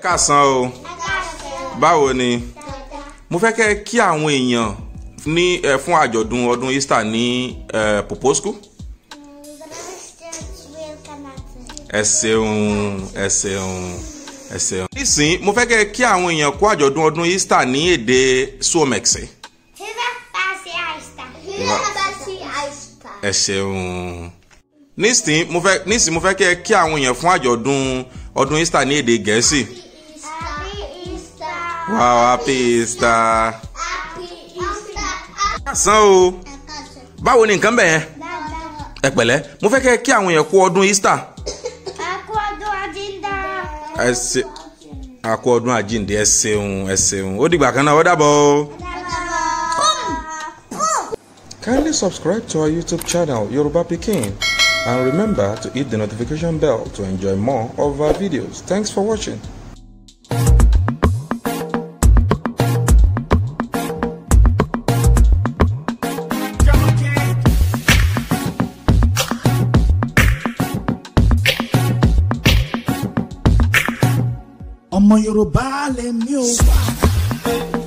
kásán o báwo ni mo fẹ́ kẹ́ kí àwọn èèyàn ní ẹ fún àjọ̀dún ọdún Easter ní ẹ Poposku. ẹ ṣeun ẹ ṣeun ẹ ṣeun. nísìnyí mo fẹ́ kẹ́ kí àwọn èèyàn kó àjọ̀dún ọdún Easter ní èdè Suomex. ẹ ṣeun nísìnyí mo fẹ́ kẹ́ kí àwọn èèyàn fún àjọ̀dún ọdún Easter ní èdè Gẹ̀ẹ́sì. Wow, happy Easter. Ẹ̀sán o. Báwo ni nǹkan bẹ̀yẹn? Ẹ pẹ̀lẹ́, mo fẹ́ kẹ́ kí àwọn èèyàn kú ọdún Easter. Àkú ọdún àjíǹde. Ẹ ṣe àkú ọdún àjíǹde ẹ ṣeun ẹ ṣeun. Ó dìgbà kan náà, ó dàbọ̀ o. Kindly subscribe to our YouTube channel Yoruba Pikin and remember to hit the notification bell to enjoy more of our videos. Thanks for watching. ọmọ yorùbá lèmi ò wá.